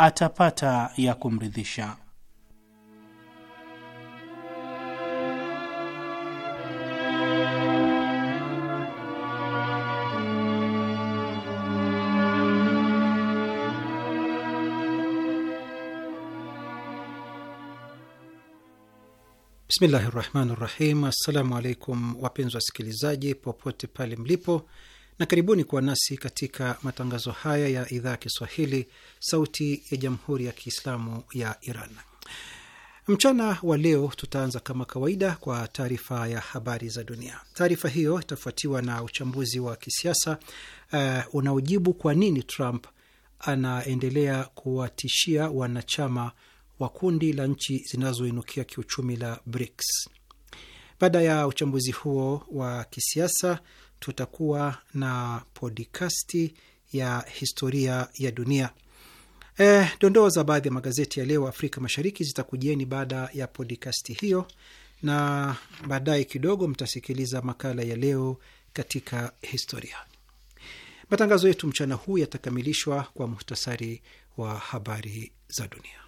atapata ya kumridhisha. Bismillahi rahmani rahim. Assalamu alaikum wapenzi wasikilizaji, popote pale mlipo na karibuni kuwa nasi katika matangazo haya ya idhaa ya Kiswahili, Sauti ya Jamhuri ya Kiislamu ya Iran. Mchana wa leo tutaanza kama kawaida kwa taarifa ya habari za dunia. Taarifa hiyo itafuatiwa na uchambuzi wa kisiasa uh, unaojibu kwa nini Trump anaendelea kuwatishia wanachama wa kundi la nchi zinazoinukia kiuchumi la BRICS. Baada ya uchambuzi huo wa kisiasa, tutakuwa na podikasti ya historia ya dunia. Eh, dondoo za baadhi ya magazeti ya leo Afrika Mashariki zitakujieni baada ya podikasti hiyo, na baadaye kidogo mtasikiliza makala ya leo katika historia. Matangazo yetu mchana huu yatakamilishwa kwa muhtasari wa habari za dunia.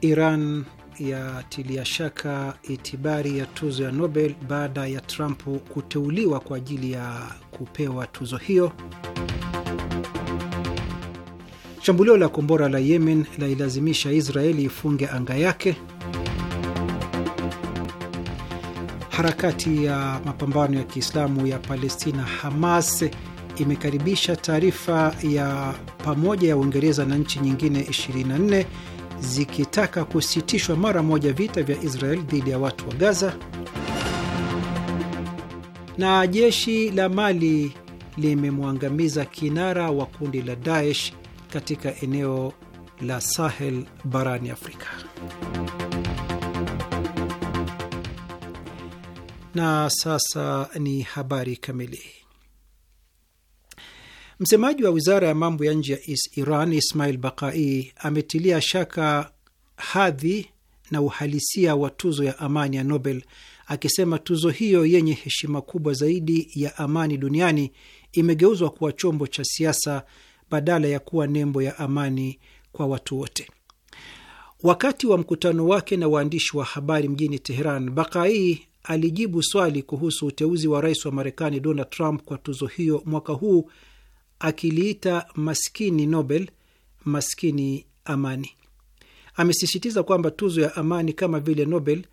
Iran yatilia shaka itibari ya tuzo ya Nobel baada ya Trump kuteuliwa kwa ajili ya kupewa tuzo hiyo. Shambulio la kombora la Yemen lailazimisha Israeli ifunge anga yake. Harakati ya mapambano ya Kiislamu ya Palestina Hamas imekaribisha taarifa ya pamoja ya Uingereza na nchi nyingine 24 zikitaka kusitishwa mara moja vita vya Israel dhidi ya watu wa Gaza, na jeshi la Mali limemwangamiza kinara wa kundi la Daesh katika eneo la Sahel barani Afrika. Na sasa ni habari kamili. Msemaji wa wizara ya mambo ya nje ya Iran Ismail Bakai ametilia shaka hadhi na uhalisia wa tuzo ya amani ya Nobel akisema tuzo hiyo yenye heshima kubwa zaidi ya amani duniani imegeuzwa kuwa chombo cha siasa badala ya kuwa nembo ya amani kwa watu wote. Wakati wa mkutano wake na waandishi wa habari mjini Teheran, Bakai alijibu swali kuhusu uteuzi wa rais wa Marekani Donald Trump kwa tuzo hiyo mwaka huu akiliita maskini Nobel, maskini amani. Amesisitiza kwamba tuzo ya amani kama vile Nobel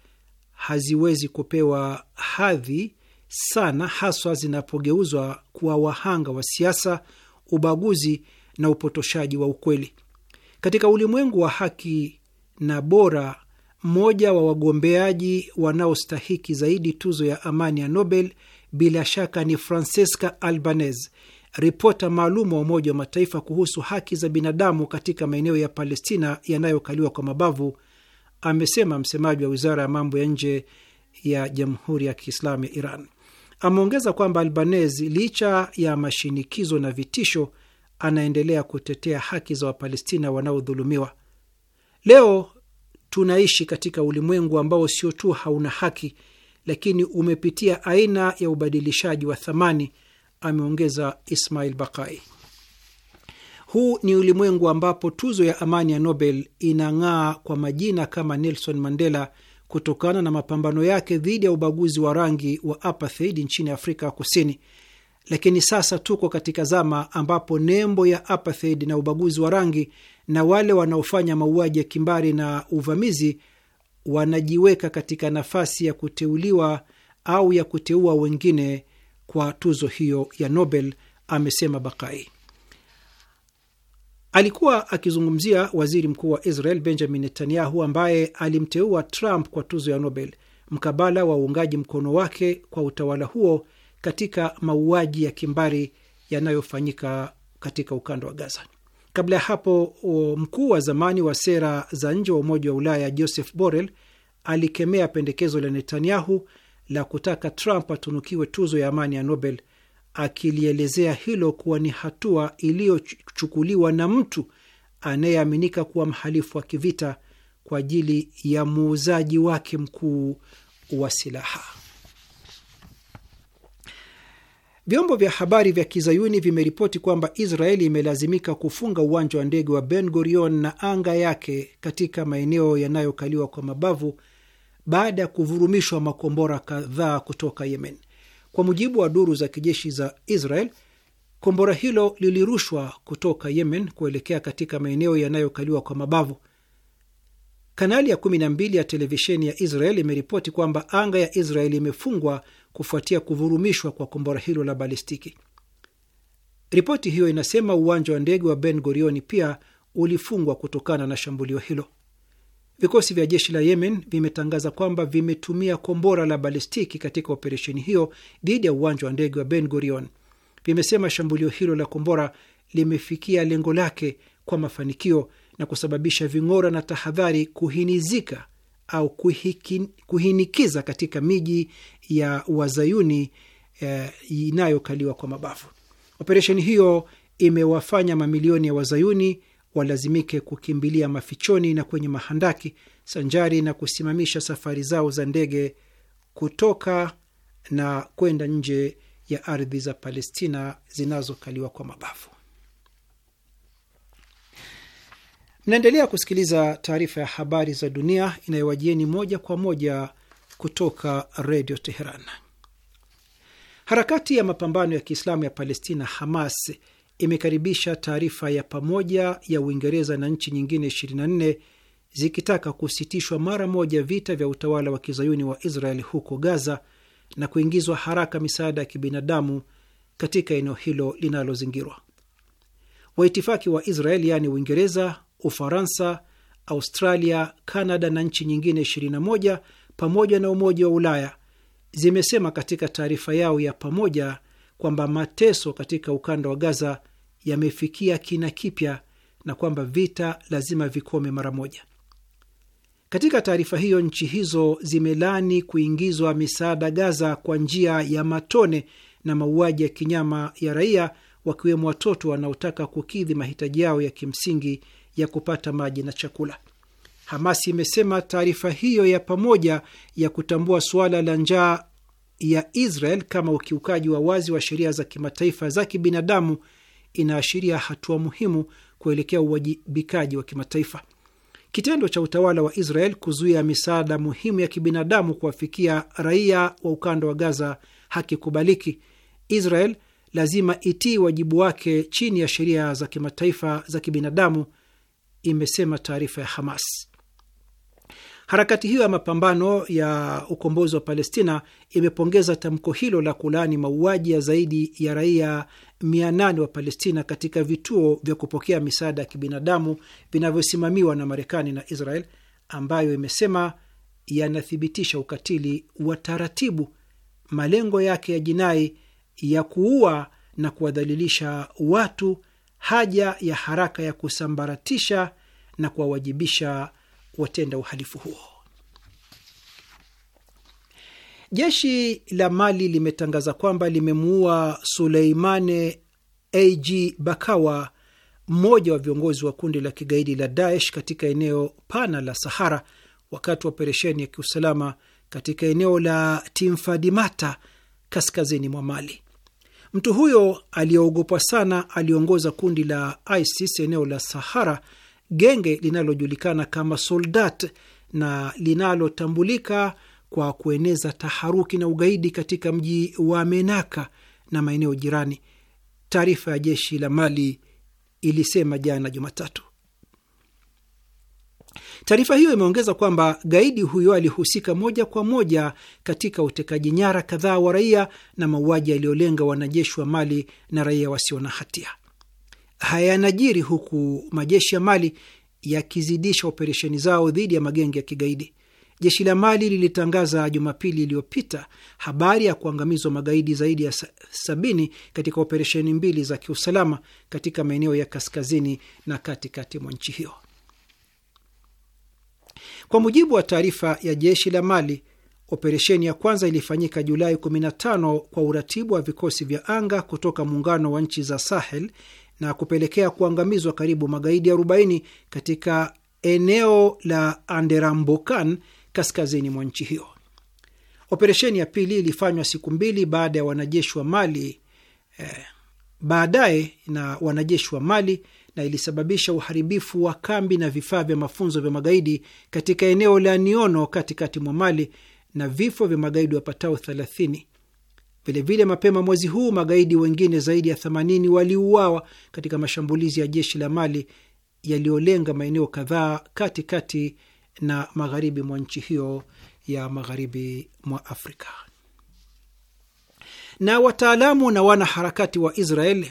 haziwezi kupewa hadhi sana, haswa zinapogeuzwa kuwa wahanga wa siasa, ubaguzi na upotoshaji wa ukweli. Katika ulimwengu wa haki na bora, mmoja wa wagombeaji wanaostahiki zaidi tuzo ya amani ya Nobel bila shaka ni Francesca Albanese, ripota maalum wa Umoja wa Mataifa kuhusu haki za binadamu katika maeneo ya Palestina yanayokaliwa kwa mabavu, amesema msemaji wa wizara ya mambo ya nje ya Jamhuri ya Kiislamu ya Iran. Ameongeza kwamba Albanese, licha ya mashinikizo na vitisho, anaendelea kutetea haki za Wapalestina wanaodhulumiwa. Leo tunaishi katika ulimwengu ambao sio tu hauna haki, lakini umepitia aina ya ubadilishaji wa thamani ameongeza Ismail Bakai. Huu ni ulimwengu ambapo tuzo ya amani ya Nobel inang'aa kwa majina kama Nelson Mandela kutokana na mapambano yake dhidi ya ubaguzi wa rangi wa apartheid nchini Afrika Kusini, lakini sasa tuko katika zama ambapo nembo ya apartheid na ubaguzi wa rangi na wale wanaofanya mauaji ya kimbari na uvamizi wanajiweka katika nafasi ya kuteuliwa au ya kuteua wengine kwa tuzo hiyo ya Nobel, amesema Bakai. Alikuwa akizungumzia waziri mkuu wa Israel Benjamin Netanyahu, ambaye alimteua Trump kwa tuzo ya Nobel mkabala wa uungaji mkono wake kwa utawala huo katika mauaji ya kimbari yanayofanyika katika ukanda wa Gaza. Kabla ya hapo, mkuu wa zamani wa sera za nje wa Umoja wa Ulaya Joseph Borrell alikemea pendekezo la Netanyahu la kutaka Trump atunukiwe tuzo ya amani ya Nobel, akilielezea hilo kuwa ni hatua iliyochukuliwa na mtu anayeaminika kuwa mhalifu wa kivita kwa ajili ya muuzaji wake mkuu wa silaha. Vyombo vya habari vya kizayuni vimeripoti kwamba Israeli imelazimika kufunga uwanja wa ndege wa Ben Gurion na anga yake katika maeneo yanayokaliwa kwa mabavu baada ya kuvurumishwa makombora kadhaa kutoka Yemen. Kwa mujibu wa duru za kijeshi za Israel, kombora hilo lilirushwa kutoka Yemen kuelekea katika maeneo yanayokaliwa kwa mabavu. Kanali ya 12 ya televisheni ya Israel imeripoti kwamba anga ya Israel imefungwa kufuatia kuvurumishwa kwa kombora hilo la balistiki. Ripoti hiyo inasema uwanja wa ndege wa Ben gorioni pia ulifungwa kutokana na shambulio hilo. Vikosi vya jeshi la Yemen vimetangaza kwamba vimetumia kombora la balistiki katika operesheni hiyo dhidi ya uwanja wa ndege wa Ben Gurion. Vimesema shambulio hilo la kombora limefikia lengo lake kwa mafanikio na kusababisha ving'ora na tahadhari kuhinizika au kuhikin, kuhinikiza katika miji ya wazayuni eh, inayokaliwa kwa mabavu. Operesheni hiyo imewafanya mamilioni ya wazayuni walazimike kukimbilia mafichoni na kwenye mahandaki sanjari na kusimamisha safari zao za ndege kutoka na kwenda nje ya ardhi za Palestina zinazokaliwa kwa mabavu. Mnaendelea kusikiliza taarifa ya habari za dunia inayowajieni moja kwa moja kutoka redio Teheran. Harakati ya mapambano ya Kiislamu ya Palestina, Hamas, imekaribisha taarifa ya pamoja ya Uingereza na nchi nyingine 24 zikitaka kusitishwa mara moja vita vya utawala wa kizayuni wa Israel huko Gaza na kuingizwa haraka misaada ya kibinadamu katika eneo hilo linalozingirwa. Waitifaki wa Israel yaani Uingereza, Ufaransa, Australia, Kanada na nchi nyingine 21 pamoja na Umoja wa Ulaya zimesema katika taarifa yao ya pamoja kwamba mateso katika ukanda wa Gaza yamefikia kina kipya na kwamba vita lazima vikome mara moja. Katika taarifa hiyo, nchi hizo zimelani kuingizwa misaada Gaza kwa njia ya matone na mauaji ya kinyama ya raia, wakiwemo watoto wanaotaka kukidhi mahitaji yao ya kimsingi ya kupata maji na chakula. hamasi imesema taarifa hiyo ya pamoja ya kutambua suala la njaa ya Israel kama ukiukaji wa wazi wa sheria za kimataifa za kibinadamu inaashiria hatua muhimu kuelekea uwajibikaji wa kimataifa. Kitendo cha utawala wa Israel kuzuia misaada muhimu ya kibinadamu kuwafikia raia wa ukanda wa Gaza hakikubaliki. Israel lazima itii wajibu wake chini ya sheria za kimataifa za kibinadamu, imesema taarifa ya Hamas. Harakati hiyo ya mapambano ya ukombozi wa Palestina imepongeza tamko hilo la kulaani mauaji ya zaidi ya raia 800 wa Palestina katika vituo vya kupokea misaada ya kibinadamu vinavyosimamiwa na Marekani na Israel, ambayo imesema yanathibitisha ukatili wa taratibu, malengo yake ya jinai ya kuua na kuwadhalilisha watu, haja ya haraka ya kusambaratisha na kuwawajibisha kuwatenda uhalifu huo. Jeshi la Mali limetangaza kwamba limemuua Suleimane Ag Bakawa, mmoja wa viongozi wa kundi la kigaidi la Daesh katika eneo pana la Sahara wakati wa operesheni ya kiusalama katika eneo la Timfadimata kaskazini mwa Mali. Mtu huyo aliyeogopwa sana aliongoza kundi la ISIS eneo la Sahara genge linalojulikana kama Soldat na linalotambulika kwa kueneza taharuki na ugaidi katika mji wa Menaka na maeneo jirani, taarifa ya jeshi la Mali ilisema jana Jumatatu. Taarifa hiyo imeongeza kwamba gaidi huyo alihusika moja kwa moja katika utekaji nyara kadhaa wa raia na mauaji yaliyolenga wanajeshi wa Mali na raia wasio na hatia hayanajiri huku majeshi ya Mali yakizidisha operesheni zao dhidi ya magenge ya kigaidi. Jeshi la Mali lilitangaza Jumapili iliyopita habari ya kuangamizwa magaidi zaidi ya sabini katika operesheni mbili za kiusalama katika maeneo ya kaskazini na katikati mwa nchi hiyo. Kwa mujibu wa taarifa ya jeshi la Mali, operesheni ya kwanza ilifanyika Julai 15 kwa uratibu wa vikosi vya anga kutoka muungano wa nchi za Sahel na kupelekea kuangamizwa karibu magaidi 40 katika eneo la Anderambokan kaskazini mwa nchi hiyo. Operesheni ya pili ilifanywa siku mbili baada ya wanajeshi wa Mali eh, baadaye na wanajeshi wa Mali na ilisababisha uharibifu wa kambi na vifaa vya mafunzo vya magaidi katika eneo la Niono katikati mwa Mali na vifo vya magaidi wapatao 30 Vilevile mapema mwezi huu magaidi wengine zaidi ya 80 waliuawa katika mashambulizi ya jeshi la Mali yaliyolenga maeneo kadhaa katikati na magharibi mwa nchi hiyo ya magharibi mwa Afrika. Na wataalamu na wanaharakati wa Israel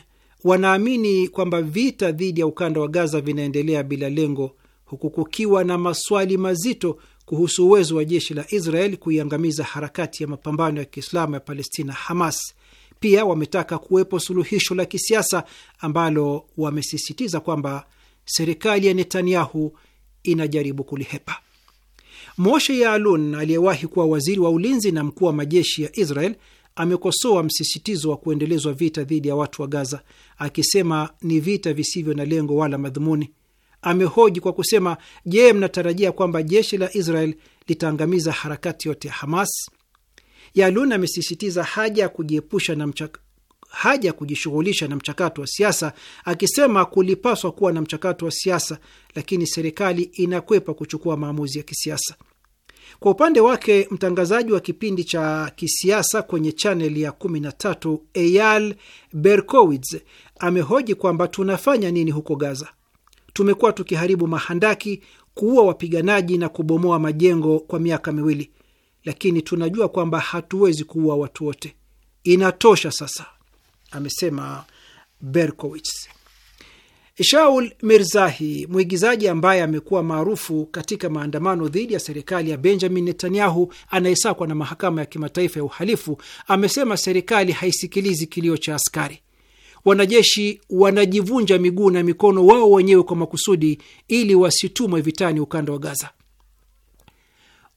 wanaamini kwamba vita dhidi ya ukanda wa Gaza vinaendelea bila lengo, huku kukiwa na maswali mazito kuhusu uwezo wa jeshi la Israel kuiangamiza harakati ya mapambano ya Kiislamu ya Palestina, Hamas. Pia wametaka kuwepo suluhisho la kisiasa ambalo wamesisitiza kwamba serikali ya Netanyahu inajaribu kulihepa. Moshe Yaalon aliyewahi kuwa waziri wa ulinzi na mkuu wa majeshi ya Israel amekosoa msisitizo wa kuendelezwa vita dhidi ya watu wa Gaza akisema ni vita visivyo na lengo wala madhumuni amehoji kwa kusema, je, mnatarajia kwamba jeshi la Israel litaangamiza harakati yote ya Hamas? Yalun amesisitiza haja ya kujiepusha na mchak haja ya kujishughulisha na mchakato wa siasa akisema kulipaswa kuwa na mchakato wa siasa, lakini serikali inakwepa kuchukua maamuzi ya kisiasa. Kwa upande wake, mtangazaji wa kipindi cha kisiasa kwenye chaneli ya 13 Eyal Berkowitz amehoji kwamba tunafanya nini huko Gaza tumekuwa tukiharibu mahandaki, kuua wapiganaji na kubomoa majengo kwa miaka miwili, lakini tunajua kwamba hatuwezi kuua watu wote. Inatosha sasa, amesema Berkowitz. Shaul Mirzahi, mwigizaji ambaye amekuwa maarufu katika maandamano dhidi ya serikali ya Benjamin Netanyahu anayesakwa na mahakama ya kimataifa ya uhalifu, amesema serikali haisikilizi kilio cha askari wanajeshi wanajivunja miguu na mikono wao wenyewe kwa makusudi ili wasitumwe vitani ukanda wa Gaza.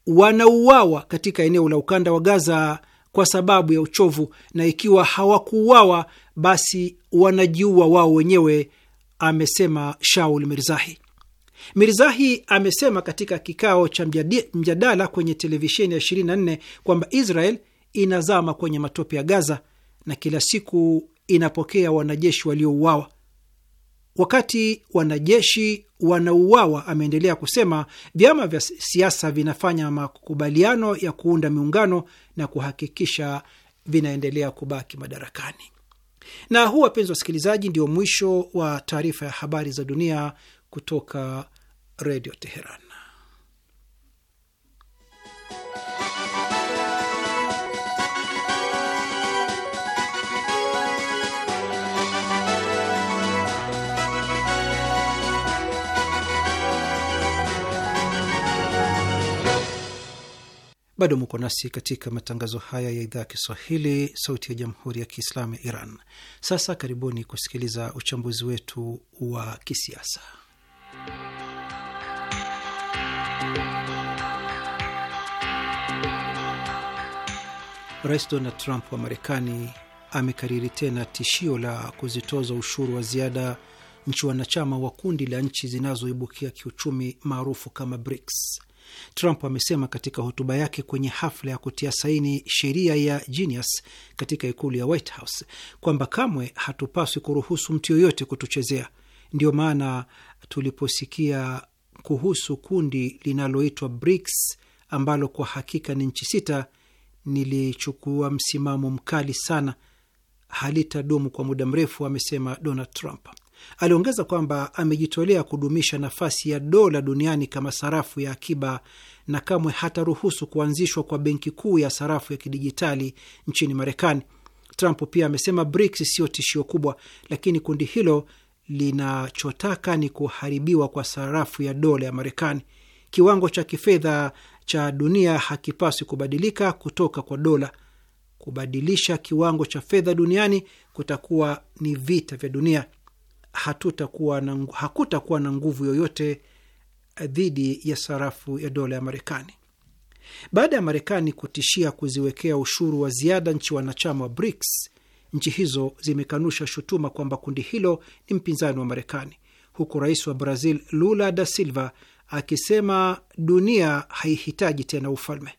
Wanauawa katika eneo la ukanda wa Gaza kwa sababu ya uchovu, na ikiwa hawakuuawa basi wanajiua wao wenyewe, amesema Shaul Mirzahi. Mirzahi amesema katika kikao cha mjadala kwenye televisheni ya 24 kwamba Israel inazama kwenye matope ya Gaza na kila siku inapokea wanajeshi waliouawa. Wakati wanajeshi wanauawa, ameendelea kusema, vyama vya siasa vinafanya makubaliano ya kuunda miungano na kuhakikisha vinaendelea kubaki madarakani. Na huu, wapenzi wa wasikilizaji, ndio mwisho wa taarifa ya habari za dunia kutoka Redio Teheran. Bado muko nasi katika matangazo haya ya idhaa ya Kiswahili, sauti ya jamhuri ya kiislamu ya Iran. Sasa karibuni kusikiliza uchambuzi wetu wa kisiasa. Rais Donald Trump wa Marekani amekariri tena tishio la kuzitoza ushuru wa ziada nchi wanachama wa kundi la nchi zinazoibukia kiuchumi maarufu kama BRICS. Trump amesema katika hotuba yake kwenye hafla ya kutia saini sheria ya Genius katika ikulu ya White House kwamba kamwe hatupaswi kuruhusu mtu yoyote kutuchezea. Ndiyo maana tuliposikia kuhusu kundi linaloitwa BRICS ambalo kwa hakika ni nchi sita, nilichukua msimamo mkali sana. Halitadumu kwa muda mrefu, amesema Donald Trump. Aliongeza kwamba amejitolea kudumisha nafasi ya dola duniani kama sarafu ya akiba na kamwe hataruhusu kuanzishwa kwa benki kuu ya sarafu ya kidijitali nchini Marekani. Trump pia amesema BRICS siyo tishio kubwa, lakini kundi hilo linachotaka ni kuharibiwa kwa sarafu ya dola ya Marekani. Kiwango cha kifedha cha dunia hakipaswi kubadilika kutoka kwa dola. Kubadilisha kiwango cha fedha duniani kutakuwa ni vita vya dunia hatutakuwa na, hakutakuwa na nguvu yoyote eh, dhidi ya sarafu ya dola ya Marekani. Baada ya Marekani kutishia kuziwekea ushuru wa ziada nchi wanachama wa BRICS, nchi hizo zimekanusha shutuma kwamba kundi hilo ni mpinzani wa Marekani, huku rais wa Brazil Lula da Silva akisema dunia haihitaji tena ufalme.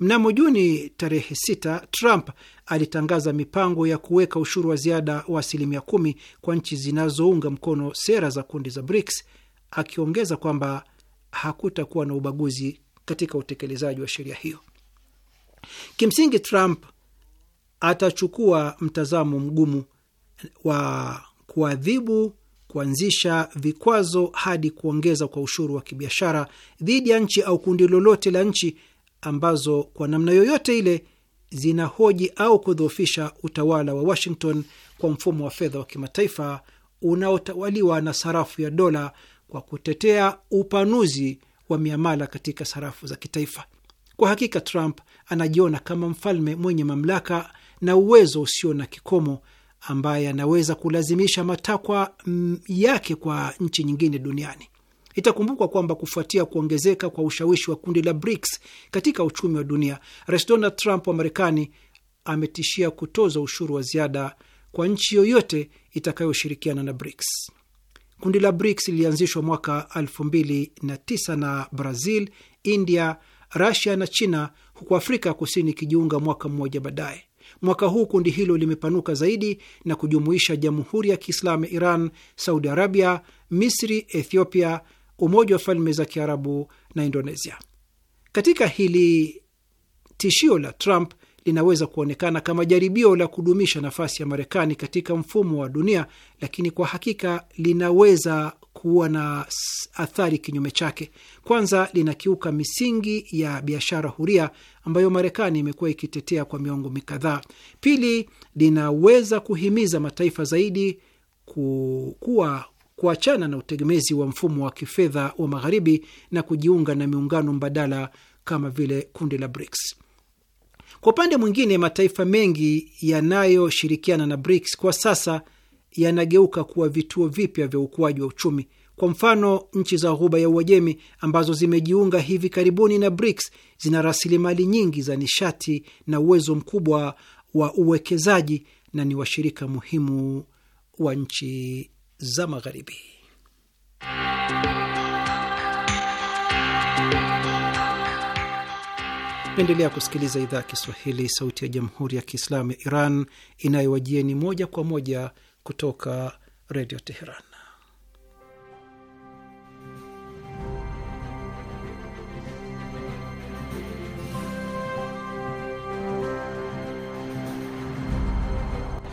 Mnamo Juni tarehe 6, Trump alitangaza mipango ya kuweka ushuru wa ziada wa asilimia kumi kwa nchi zinazounga mkono sera za kundi za BRICS, akiongeza kwamba hakutakuwa na ubaguzi katika utekelezaji wa sheria hiyo. Kimsingi, Trump atachukua mtazamo mgumu wa kuadhibu kuanzisha vikwazo hadi kuongeza kwa ushuru wa kibiashara dhidi ya nchi au kundi lolote la nchi ambazo kwa namna yoyote ile zinahoji au kudhoofisha utawala wa Washington kwa mfumo wa fedha wa kimataifa unaotawaliwa na sarafu ya dola kwa kutetea upanuzi wa miamala katika sarafu za kitaifa. Kwa hakika, Trump anajiona kama mfalme mwenye mamlaka na uwezo usio na kikomo ambaye anaweza kulazimisha matakwa mm, yake kwa nchi nyingine duniani. Itakumbukwa kwamba kufuatia kuongezeka kwa ushawishi wa kundi la BRICS katika uchumi wa dunia, Rais Donald Trump wa Marekani ametishia kutoza ushuru wa ziada kwa nchi yoyote itakayoshirikiana na BRICS. Kundi la BRICS lilianzishwa mwaka 2009 na Brazil, India, Rusia na China, huku Afrika ya Kusini ikijiunga mwaka mmoja baadaye. Mwaka huu kundi hilo limepanuka zaidi na kujumuisha Jamhuri ya Kiislamu ya Iran, Saudi Arabia, Misri, Ethiopia, Umoja wa Falme za Kiarabu na Indonesia. Katika hili, tishio la Trump linaweza kuonekana kama jaribio la kudumisha nafasi ya Marekani katika mfumo wa dunia, lakini kwa hakika linaweza kuwa na athari kinyume chake. Kwanza, linakiuka misingi ya biashara huria ambayo Marekani imekuwa ikitetea kwa miongo mikadhaa. Pili, linaweza kuhimiza mataifa zaidi kuwa kuachana na utegemezi wa mfumo wa kifedha wa magharibi na kujiunga na miungano mbadala kama vile kundi la BRICS. Kwa upande mwingine, mataifa mengi yanayoshirikiana na BRICS kwa sasa yanageuka kuwa vituo vipya vya ukuaji wa uchumi. Kwa mfano, nchi za Ghuba ya Uajemi ambazo zimejiunga hivi karibuni na BRICS zina rasilimali nyingi za nishati na uwezo mkubwa wa uwekezaji na ni washirika muhimu wa nchi za Magharibi. Naendelea kusikiliza idhaa ya Kiswahili, sauti ya jamhuri ya kiislamu ya Iran inayowajieni moja kwa moja kutoka redio Teheran.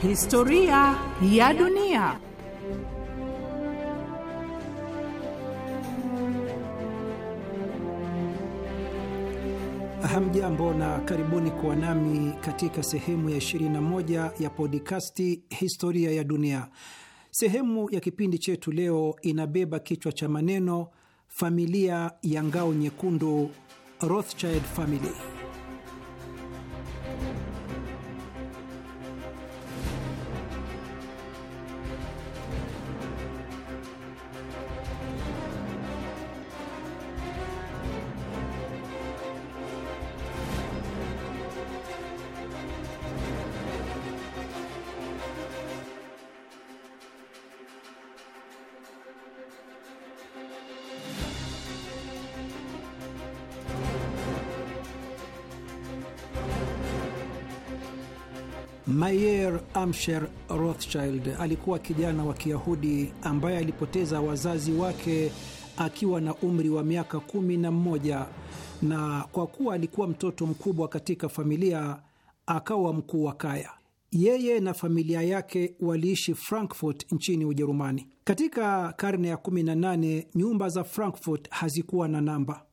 Historia ya dunia. Hamjambo na karibuni kuwa nami katika sehemu ya 21 ya podikasti Historia ya Dunia. Sehemu ya kipindi chetu leo inabeba kichwa cha maneno familia ya ngao nyekundu, Rothschild Family. Amsher Rothschild alikuwa kijana wa Kiyahudi ambaye alipoteza wazazi wake akiwa na umri wa miaka kumi na mmoja, na kwa kuwa alikuwa mtoto mkubwa katika familia akawa mkuu wa kaya. Yeye na familia yake waliishi Frankfurt nchini Ujerumani. Katika karne ya 18 nyumba za Frankfurt hazikuwa na namba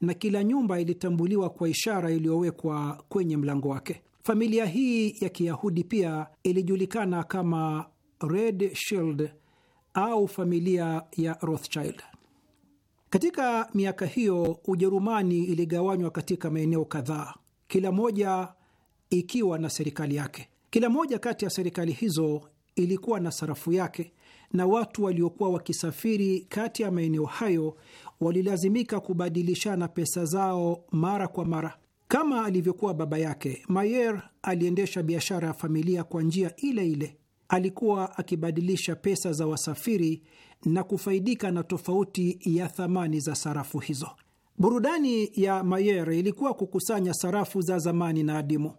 na kila nyumba ilitambuliwa kwa ishara iliyowekwa kwenye mlango wake. Familia hii ya Kiyahudi pia ilijulikana kama Red Shield au familia ya Rothschild. Katika miaka hiyo Ujerumani iligawanywa katika maeneo kadhaa, kila moja ikiwa na serikali yake. Kila moja kati ya serikali hizo ilikuwa na sarafu yake, na watu waliokuwa wakisafiri kati ya maeneo hayo walilazimika kubadilishana pesa zao mara kwa mara. Kama alivyokuwa baba yake, Mayer aliendesha biashara ya familia kwa njia ile ile. Alikuwa akibadilisha pesa za wasafiri na kufaidika na tofauti ya thamani za sarafu hizo. Burudani ya Mayer ilikuwa kukusanya sarafu za zamani na adimu.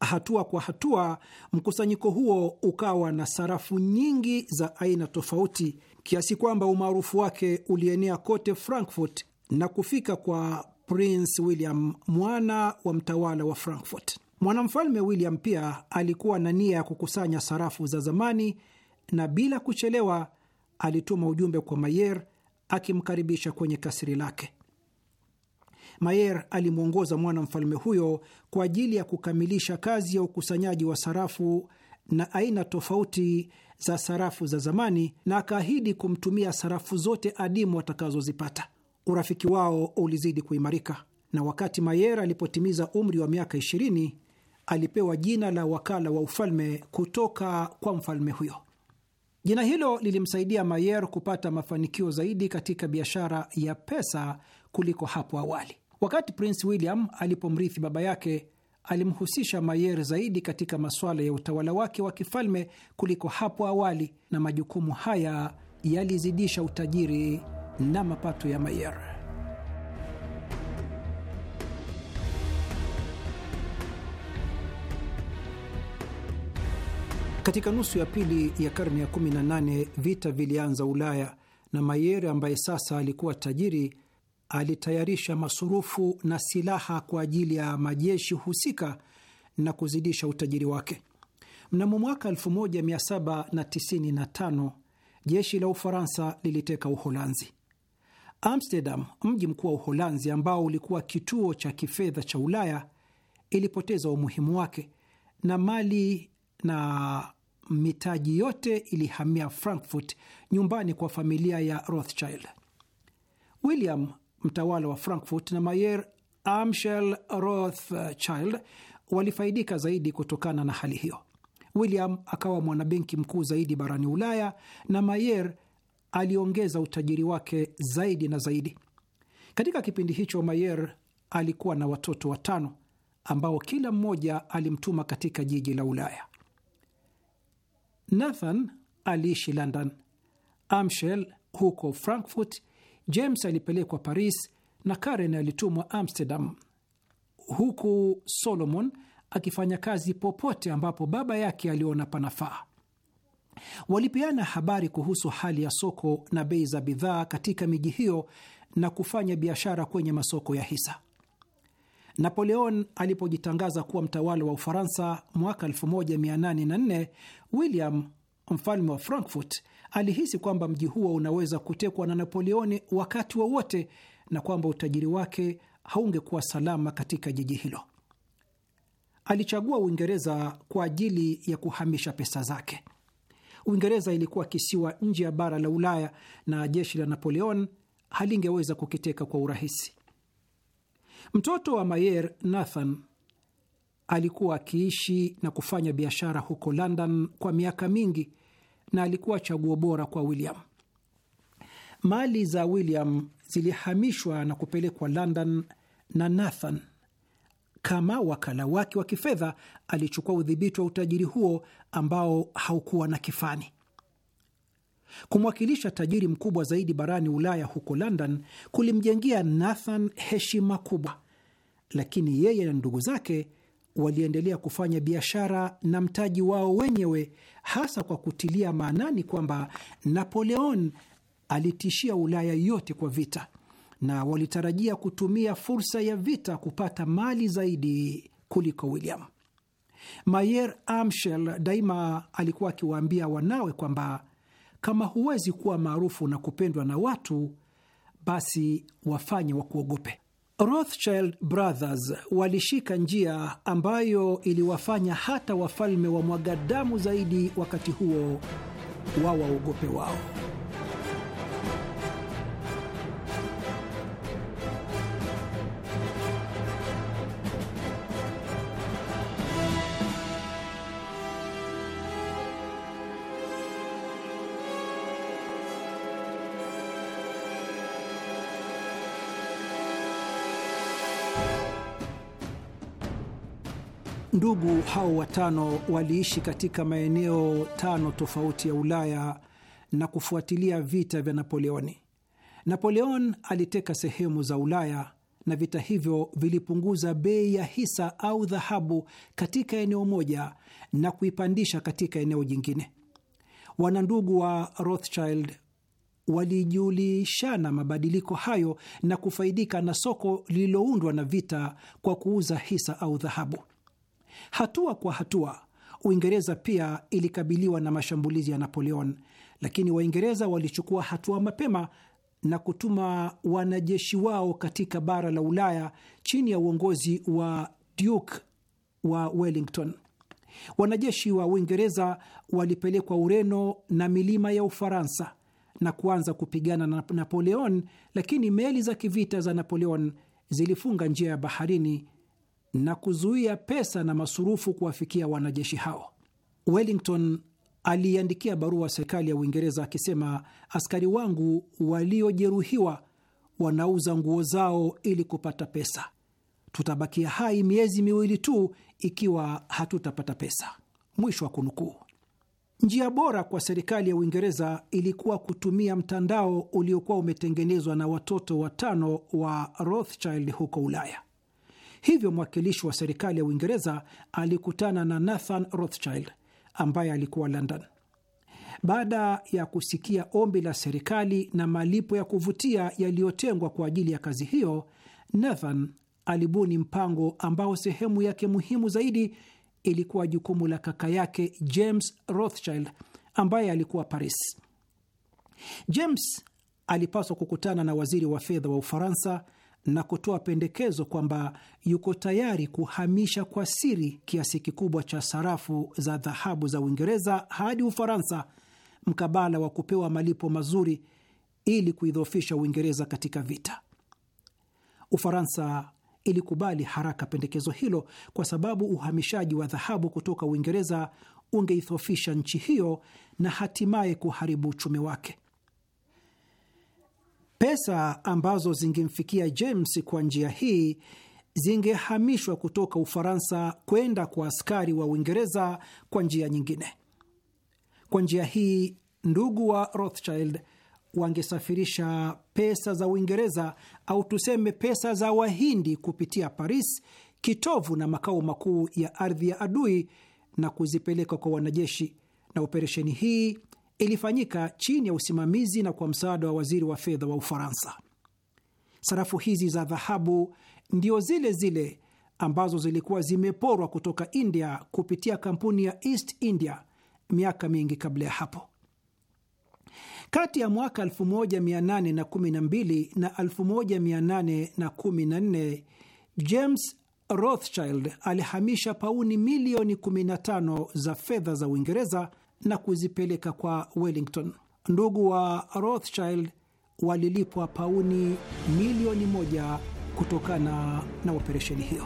Hatua kwa hatua, mkusanyiko huo ukawa na sarafu nyingi za aina tofauti, kiasi kwamba umaarufu wake ulienea kote Frankfurt na kufika kwa Prince William, mwana wa mtawala wa Frankfurt. Mwanamfalme William pia alikuwa na nia ya kukusanya sarafu za zamani na bila kuchelewa alituma ujumbe kwa Mayer akimkaribisha kwenye kasiri lake. Mayer alimwongoza mwanamfalme huyo kwa ajili ya kukamilisha kazi ya ukusanyaji wa sarafu na aina tofauti za sarafu za zamani na akaahidi kumtumia sarafu zote adimu atakazozipata urafiki wao ulizidi kuimarika, na wakati Mayer alipotimiza umri wa miaka 20 alipewa jina la wakala wa ufalme kutoka kwa mfalme huyo. Jina hilo lilimsaidia Mayer kupata mafanikio zaidi katika biashara ya pesa kuliko hapo awali. Wakati Prince William alipomrithi baba yake, alimhusisha Mayer zaidi katika masuala ya utawala wake wa kifalme kuliko hapo awali, na majukumu haya yalizidisha utajiri na mapato ya Mayer. Katika nusu ya pili ya karne ya 18 vita vilianza Ulaya na Mayer ambaye sasa alikuwa tajiri alitayarisha masurufu na silaha kwa ajili ya majeshi husika na kuzidisha utajiri wake. Mnamo mwaka 1795 jeshi la Ufaransa liliteka Uholanzi. Amsterdam, mji mkuu wa Uholanzi ambao ulikuwa kituo cha kifedha cha Ulaya, ilipoteza umuhimu wake na mali na mitaji yote ilihamia Frankfurt, nyumbani kwa familia ya Rothschild. William, mtawala wa Frankfurt, na Mayer Amshel Rothschild walifaidika zaidi kutokana na hali hiyo. William akawa mwanabenki mkuu zaidi barani Ulaya na Mayer aliongeza utajiri wake zaidi na zaidi. Katika kipindi hicho, Mayer alikuwa na watoto watano ambao kila mmoja alimtuma katika jiji la Ulaya. Nathan aliishi London, Amshel huko Frankfurt, James alipelekwa Paris na Karen alitumwa Amsterdam, huku Solomon akifanya kazi popote ambapo baba yake aliona panafaa. Walipeana habari kuhusu hali ya soko na bei za bidhaa katika miji hiyo na kufanya biashara kwenye masoko ya hisa. Napoleon alipojitangaza kuwa mtawala wa Ufaransa mwaka 1804, William mfalme wa Frankfurt alihisi kwamba mji huo unaweza kutekwa na Napoleoni wakati wowote wa na kwamba utajiri wake haungekuwa salama katika jiji hilo. Alichagua Uingereza kwa ajili ya kuhamisha pesa zake. Uingereza ilikuwa kisiwa nje ya bara la Ulaya na jeshi la Napoleon halingeweza kukiteka kwa urahisi. Mtoto wa Mayer, Nathan, alikuwa akiishi na kufanya biashara huko London kwa miaka mingi na alikuwa chaguo bora kwa William. Mali za William zilihamishwa na kupelekwa London na Nathan kama wakala wake wa kifedha alichukua udhibiti wa utajiri huo ambao haukuwa na kifani. Kumwakilisha tajiri mkubwa zaidi barani Ulaya huko London kulimjengia Nathan heshima kubwa, lakini yeye na ndugu zake waliendelea kufanya biashara na mtaji wao wenyewe, hasa kwa kutilia maanani kwamba Napoleon alitishia Ulaya yote kwa vita na walitarajia kutumia fursa ya vita kupata mali zaidi kuliko William. Mayer Amshel daima alikuwa akiwaambia wanawe kwamba kama huwezi kuwa maarufu na kupendwa na watu, basi wafanye wa kuogope Rothschild Brothers walishika njia ambayo iliwafanya hata wafalme wa mwagadamu zaidi wakati huo wawaogope wao. Ndugu hao watano waliishi katika maeneo tano tofauti ya Ulaya na kufuatilia vita vya Napoleoni. Napoleon aliteka sehemu za Ulaya na vita hivyo vilipunguza bei ya hisa au dhahabu katika eneo moja na kuipandisha katika eneo jingine. Wanandugu wa Rothschild walijulishana mabadiliko hayo na kufaidika na soko lililoundwa na vita kwa kuuza hisa au dhahabu. Hatua kwa hatua, Uingereza pia ilikabiliwa na mashambulizi ya Napoleon, lakini Waingereza walichukua hatua mapema na kutuma wanajeshi wao katika bara la Ulaya chini ya uongozi wa Duke wa Wellington. Wanajeshi wa Uingereza walipelekwa Ureno na milima ya Ufaransa na kuanza kupigana na Napoleon, lakini meli za kivita za Napoleon zilifunga njia ya baharini na kuzuia pesa na masurufu kuwafikia wanajeshi hao. Wellington aliiandikia barua serikali ya Uingereza akisema, askari wangu waliojeruhiwa wanauza nguo zao ili kupata pesa. Tutabakia hai miezi miwili tu ikiwa hatutapata pesa. Mwisho wa kunukuu. Njia bora kwa serikali ya Uingereza ilikuwa kutumia mtandao uliokuwa umetengenezwa na watoto watano wa Rothschild huko Ulaya. Hivyo mwakilishi wa serikali ya Uingereza alikutana na Nathan Rothschild ambaye alikuwa London. Baada ya kusikia ombi la serikali na malipo ya kuvutia yaliyotengwa kwa ajili ya kazi hiyo, Nathan alibuni mpango ambao sehemu yake muhimu zaidi ilikuwa jukumu la kaka yake James Rothschild ambaye alikuwa Paris. James alipaswa kukutana na waziri wa fedha wa Ufaransa na kutoa pendekezo kwamba yuko tayari kuhamisha kwa siri kiasi kikubwa cha sarafu za dhahabu za Uingereza hadi Ufaransa mkabala wa kupewa malipo mazuri ili kuidhoofisha Uingereza katika vita. Ufaransa ilikubali haraka pendekezo hilo kwa sababu uhamishaji wa dhahabu kutoka Uingereza ungeidhofisha nchi hiyo na hatimaye kuharibu uchumi wake. Pesa ambazo zingemfikia James kwa njia hii zingehamishwa kutoka Ufaransa kwenda kwa askari wa Uingereza kwa njia nyingine. Kwa njia hii, ndugu wa Rothschild wangesafirisha pesa za Uingereza au tuseme pesa za Wahindi kupitia Paris, kitovu na makao makuu ya ardhi ya adui, na kuzipeleka kwa wanajeshi, na operesheni hii ilifanyika chini ya usimamizi na kwa msaada wa waziri wa fedha wa Ufaransa. Sarafu hizi za dhahabu ndio zile zile ambazo zilikuwa zimeporwa kutoka India kupitia kampuni ya East India miaka mingi kabla ya hapo. Kati ya mwaka 1812 na 1814 James Rothschild alihamisha pauni milioni 15 za fedha za Uingereza na kuzipeleka kwa Wellington. Ndugu wa Rothschild walilipwa pauni milioni moja kutokana na operesheni hiyo.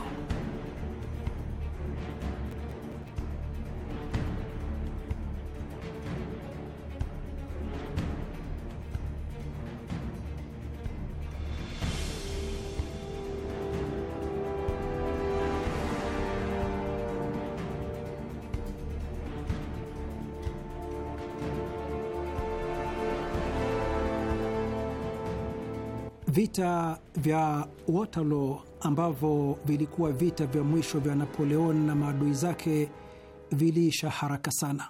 Vita vya Waterloo ambavyo vilikuwa vita vya mwisho vya Napoleon na maadui zake viliisha haraka sana.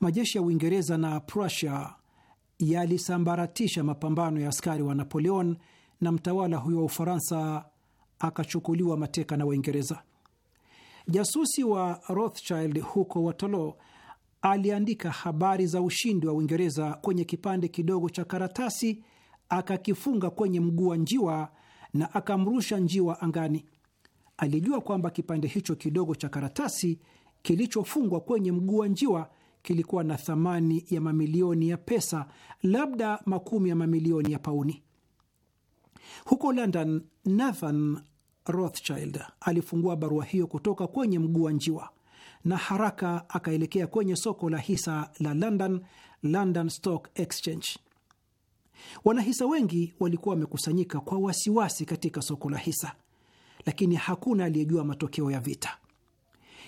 Majeshi ya Uingereza na Prussia yalisambaratisha mapambano ya askari wa Napoleon na mtawala huyo wa Ufaransa akachukuliwa mateka na Waingereza. Jasusi wa Rothschild huko Waterloo aliandika habari za ushindi wa Uingereza kwenye kipande kidogo cha karatasi akakifunga kwenye mguu wa njiwa na akamrusha njiwa angani. Alijua kwamba kipande hicho kidogo cha karatasi kilichofungwa kwenye mguu wa njiwa kilikuwa na thamani ya mamilioni ya pesa, labda makumi ya mamilioni ya pauni. Huko London, Nathan Rothschild alifungua barua hiyo kutoka kwenye mguu wa njiwa na haraka akaelekea kwenye soko la hisa la London, London Stock Exchange. Wanahisa wengi walikuwa wamekusanyika kwa wasiwasi katika soko la hisa, lakini hakuna aliyejua matokeo ya vita.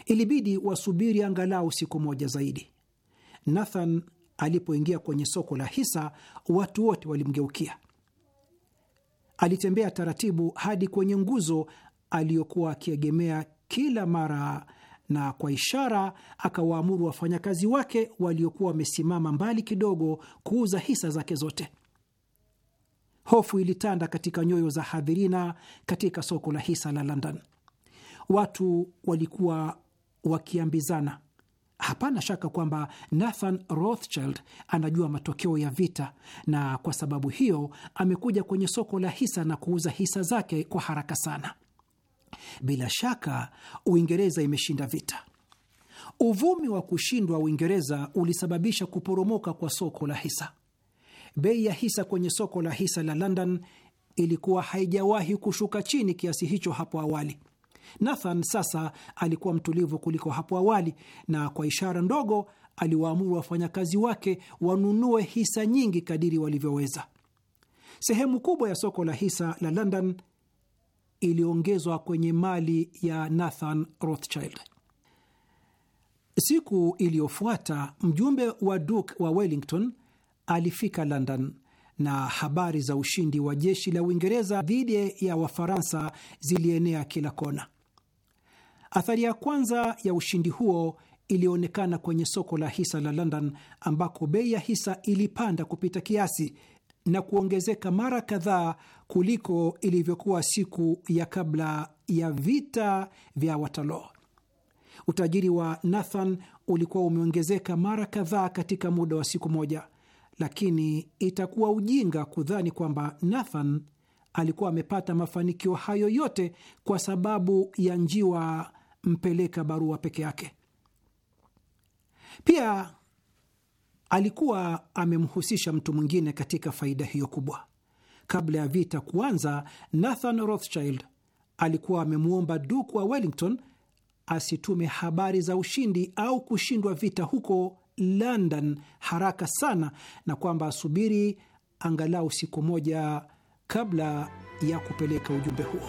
Ilibidi wasubiri angalau siku moja zaidi. Nathan alipoingia kwenye soko la hisa, watu wote walimgeukia. Alitembea taratibu hadi kwenye nguzo aliyokuwa akiegemea kila mara, na kwa ishara akawaamuru wafanyakazi wake waliokuwa wamesimama mbali kidogo kuuza hisa zake zote. Hofu ilitanda katika nyoyo za hadhirina katika soko la hisa la London. Watu walikuwa wakiambizana, hapana shaka kwamba Nathan Rothschild anajua matokeo ya vita, na kwa sababu hiyo amekuja kwenye soko la hisa na kuuza hisa zake kwa haraka sana. Bila shaka Uingereza imeshinda vita. Uvumi wa kushindwa Uingereza ulisababisha kuporomoka kwa soko la hisa bei ya hisa kwenye soko la hisa la London ilikuwa haijawahi kushuka chini kiasi hicho hapo awali. Nathan sasa alikuwa mtulivu kuliko hapo awali, na kwa ishara ndogo aliwaamuru wafanyakazi wake wanunue hisa nyingi kadiri walivyoweza. Sehemu kubwa ya soko la hisa la London iliongezwa kwenye mali ya Nathan Rothschild. Siku iliyofuata mjumbe wa Duke wa Wellington alifika London na habari za ushindi wa jeshi la Uingereza dhidi ya Wafaransa zilienea kila kona. Athari ya kwanza ya ushindi huo ilionekana kwenye soko la hisa la London ambako bei ya hisa ilipanda kupita kiasi na kuongezeka mara kadhaa kuliko ilivyokuwa siku ya kabla ya vita vya Waterloo. Utajiri wa Nathan ulikuwa umeongezeka mara kadhaa katika muda wa siku moja lakini itakuwa ujinga kudhani kwamba Nathan alikuwa amepata mafanikio hayo yote kwa sababu ya njiwa mpeleka barua peke yake. Pia alikuwa amemhusisha mtu mwingine katika faida hiyo kubwa. Kabla ya vita kuanza, Nathan Rothschild alikuwa amemwomba duku wa Wellington asitume habari za ushindi au kushindwa vita huko London haraka sana na kwamba asubiri angalau siku moja kabla ya kupeleka ujumbe huo.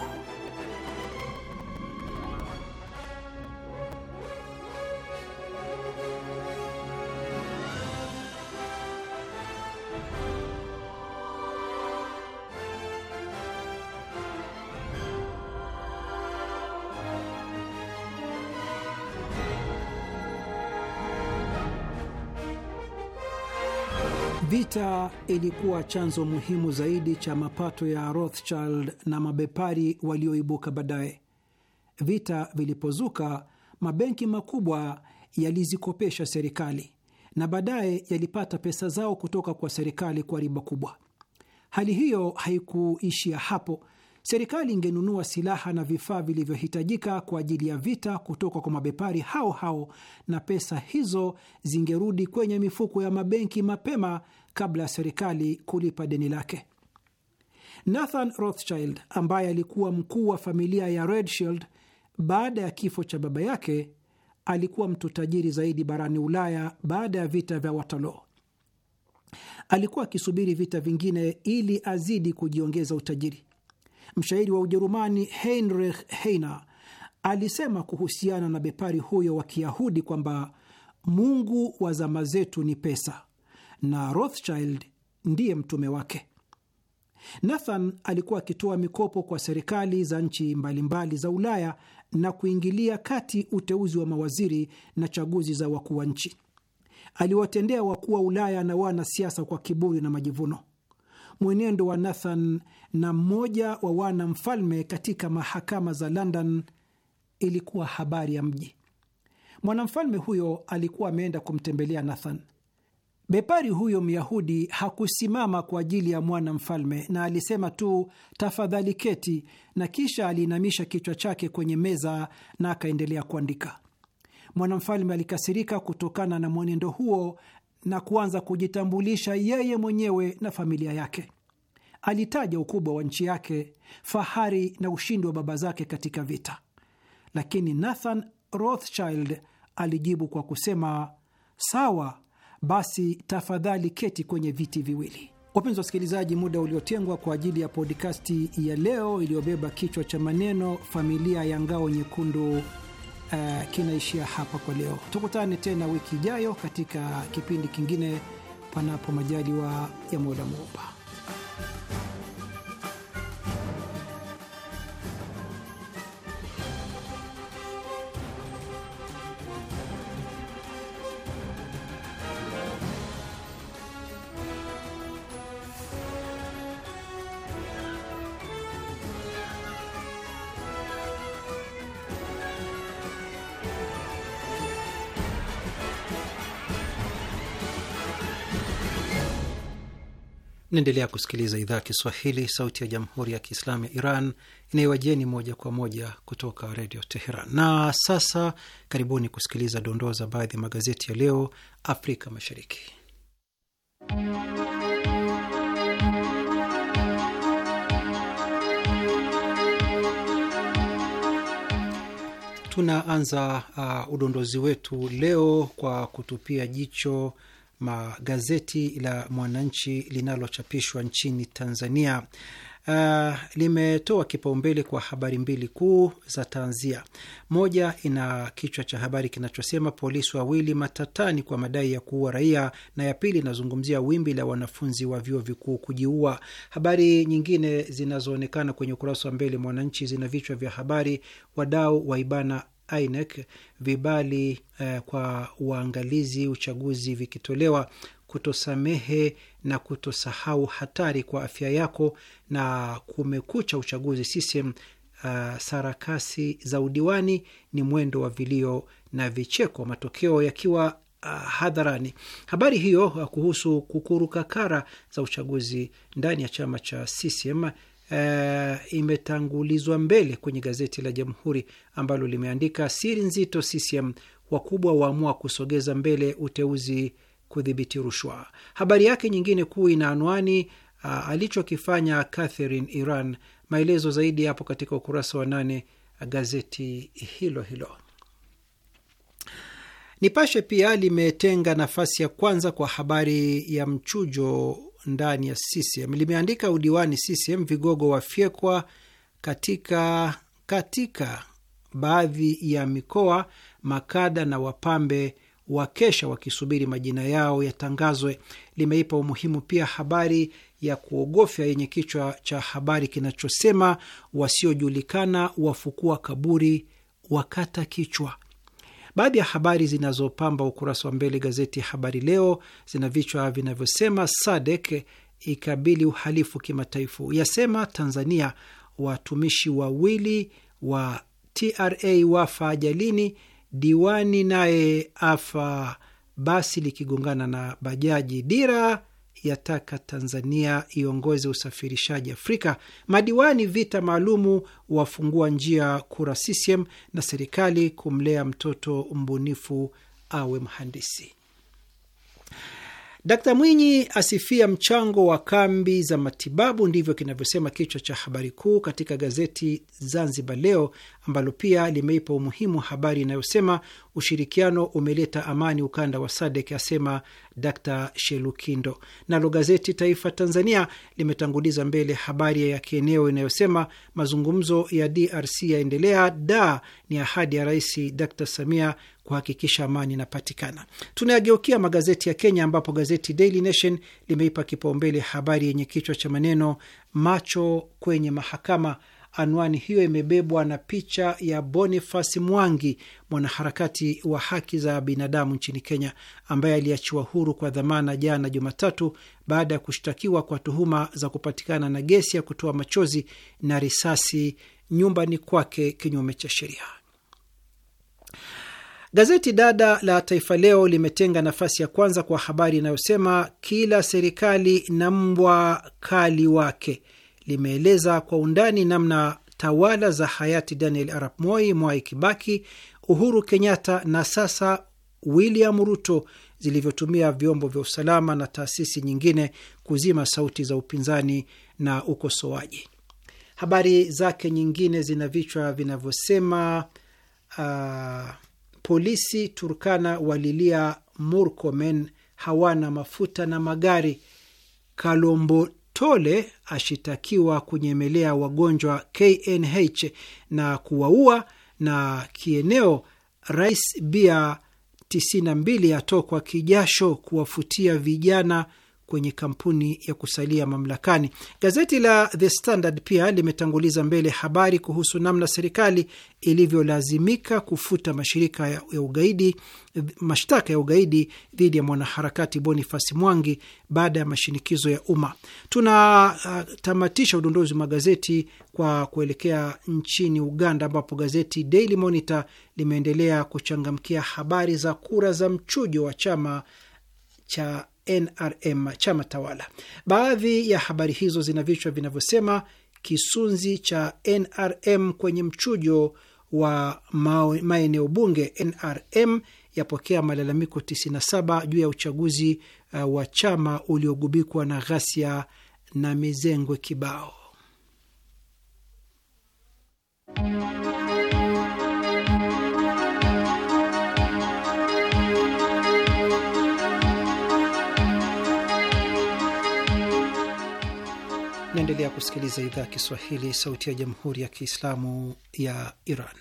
Vita ilikuwa chanzo muhimu zaidi cha mapato ya Rothschild na mabepari walioibuka baadaye. Vita vilipozuka, mabenki makubwa yalizikopesha serikali na baadaye yalipata pesa zao kutoka kwa serikali kwa riba kubwa. Hali hiyo haikuishia hapo. Serikali ingenunua silaha na vifaa vilivyohitajika kwa ajili ya vita kutoka kwa mabepari hao hao, na pesa hizo zingerudi kwenye mifuko ya mabenki mapema kabla ya serikali kulipa deni lake. Nathan Rothschild ambaye alikuwa mkuu wa familia ya Rothschild baada ya kifo cha baba yake alikuwa mtu tajiri zaidi barani Ulaya baada ya vita vya Waterloo. Alikuwa akisubiri vita vingine ili azidi kujiongeza utajiri. Mshairi wa Ujerumani Heinrich Heine alisema kuhusiana na bepari huyo wa Kiyahudi kwamba Mungu wa zama zetu ni pesa na Rothschild ndiye mtume wake. Nathan alikuwa akitoa mikopo kwa serikali za nchi mbalimbali za Ulaya na kuingilia kati uteuzi wa mawaziri na chaguzi za wakuu wa nchi. Aliwatendea wakuu wa Ulaya na wanasiasa kwa kiburi na majivuno. Mwenendo wa Nathan na mmoja wa wana mfalme katika mahakama za London ilikuwa habari ya mji. Mwanamfalme huyo alikuwa ameenda kumtembelea Nathan. Bepari huyo Myahudi hakusimama kwa ajili ya mwana mfalme, na alisema tu tafadhali keti, na kisha aliinamisha kichwa chake kwenye meza na akaendelea kuandika. Mwanamfalme alikasirika kutokana na mwenendo huo na kuanza kujitambulisha yeye mwenyewe na familia yake. Alitaja ukubwa wa nchi yake, fahari na ushindi wa baba zake katika vita, lakini Nathan Rothschild alijibu kwa kusema sawa basi tafadhali keti kwenye viti viwili. Wapenzi wasikilizaji, muda uliotengwa kwa ajili ya podkasti ya leo iliyobeba kichwa cha maneno familia ya ngao nyekundu Uh, kinaishia hapa kwa leo. Tukutane tena wiki ijayo katika kipindi kingine, panapo majaliwa ya Mola Muumba. Naendelea kusikiliza idhaa ya Kiswahili, sauti ya jamhuri ya kiislamu ya Iran inayowajieni moja kwa moja kutoka redio Teheran. Na sasa karibuni kusikiliza dondoo za baadhi ya magazeti ya leo Afrika Mashariki. Tunaanza uh, udondozi wetu leo kwa kutupia jicho magazeti la Mwananchi linalochapishwa nchini Tanzania uh, limetoa kipaumbele kwa habari mbili kuu za tanzia. Moja ina kichwa cha habari kinachosema polisi wawili matatani kwa madai ya kuua raia, na ya pili inazungumzia wimbi la wanafunzi wa vyuo vikuu kujiua. Habari nyingine zinazoonekana kwenye ukurasa wa mbele Mwananchi zina vichwa vya habari: wadau waibana INEC vibali uh, kwa waangalizi uchaguzi vikitolewa, kutosamehe na kutosahau hatari kwa afya yako, na kumekucha uchaguzi CCM. Uh, eh, sarakasi za udiwani ni mwendo wa vilio na vicheko, matokeo yakiwa uh, hadharani. Habari hiyo kuhusu kukurukakara za uchaguzi ndani ya chama cha CCM uh, imetangulizwa mbele kwenye gazeti la Jamhuri ambalo limeandika siri nzito, CCM wakubwa waamua kusogeza mbele uteuzi kudhibiti rushwa. Habari yake nyingine kuu ina anwani ah, alichokifanya Catherine Iran. Maelezo zaidi hapo katika ukurasa wa nane ah, gazeti hilo hilo. Nipashe pia limetenga nafasi ya kwanza kwa habari ya mchujo ndani ya CCM limeandika udiwani CCM vigogo wafyekwa katika, katika baadhi ya mikoa, makada na wapambe wakesha wakisubiri majina yao yatangazwe. Limeipa umuhimu pia habari ya kuogofya yenye kichwa cha habari kinachosema wasiojulikana wafukua kaburi wakata kichwa. Baadhi ya habari zinazopamba ukurasa wa mbele gazeti Habari Leo zina vichwa vinavyosema Sadek ikabili uhalifu kimataifa, yasema Tanzania, watumishi wawili wa TRA wafa ajalini, diwani naye afa basi likigongana na bajaji, dira yataka Tanzania iongoze usafirishaji Afrika. Madiwani vita maalumu wafungua njia kura CCM na serikali kumlea mtoto mbunifu awe mhandisi. Dkt Mwinyi asifia mchango wa kambi za matibabu, ndivyo kinavyosema kichwa cha habari kuu katika gazeti Zanzibar Leo, ambalo pia limeipa umuhimu habari inayosema ushirikiano umeleta amani ukanda wa Sadek, asema Dr Shelukindo. Nalo gazeti Taifa Tanzania limetanguliza mbele habari ya kieneo inayosema mazungumzo ya DRC yaendelea, da ni ahadi ya Rais Dr Samia kuhakikisha amani inapatikana. Tunayageukia magazeti ya Kenya, ambapo gazeti Daily Nation limeipa kipaumbele habari yenye kichwa cha maneno macho kwenye mahakama Anwani hiyo imebebwa na picha ya Boniface Mwangi, mwanaharakati wa haki za binadamu nchini Kenya, ambaye aliachiwa huru kwa dhamana jana Jumatatu baada ya kushtakiwa kwa tuhuma za kupatikana na gesi ya kutoa machozi na risasi nyumbani kwake kinyume cha sheria. Gazeti dada la Taifa Leo limetenga nafasi ya kwanza kwa habari inayosema kila serikali na mbwa kali wake limeeleza kwa undani namna tawala za hayati Daniel Arap Moi, Mwai Kibaki, Uhuru Kenyatta na sasa William Ruto zilivyotumia vyombo vya usalama na taasisi nyingine kuzima sauti za upinzani na ukosoaji. Habari zake nyingine zina vichwa vinavyosema uh, polisi Turkana walilia Murkomen hawana mafuta na magari. Kalombo, Tole ashitakiwa kunyemelea wagonjwa KNH na kuwaua, na kieneo Rais Bia 92 atokwa kijasho kuwafutia vijana kwenye kampuni ya kusalia mamlakani. Gazeti la The Standard pia limetanguliza mbele habari kuhusu namna serikali ilivyolazimika kufuta mashirika ya ugaidi, mashtaka ya ugaidi dhidi ya mwanaharakati Boniface Mwangi baada ya mashinikizo ya umma. Tunatamatisha uh, udondozi wa magazeti kwa kuelekea nchini Uganda, ambapo gazeti Daily Monitor limeendelea kuchangamkia habari za kura za mchujo wa chama cha NRM, chama tawala. Baadhi ya habari hizo zina vichwa vinavyosema kisunzi cha NRM kwenye mchujo wa maeneo bunge, NRM yapokea malalamiko 97 juu ya uchaguzi uh, wa chama uliogubikwa na ghasia na mizengwe kibao. kusikiliza idhaa Kiswahili sauti ya jamhuri ya Kiislamu ya Iran.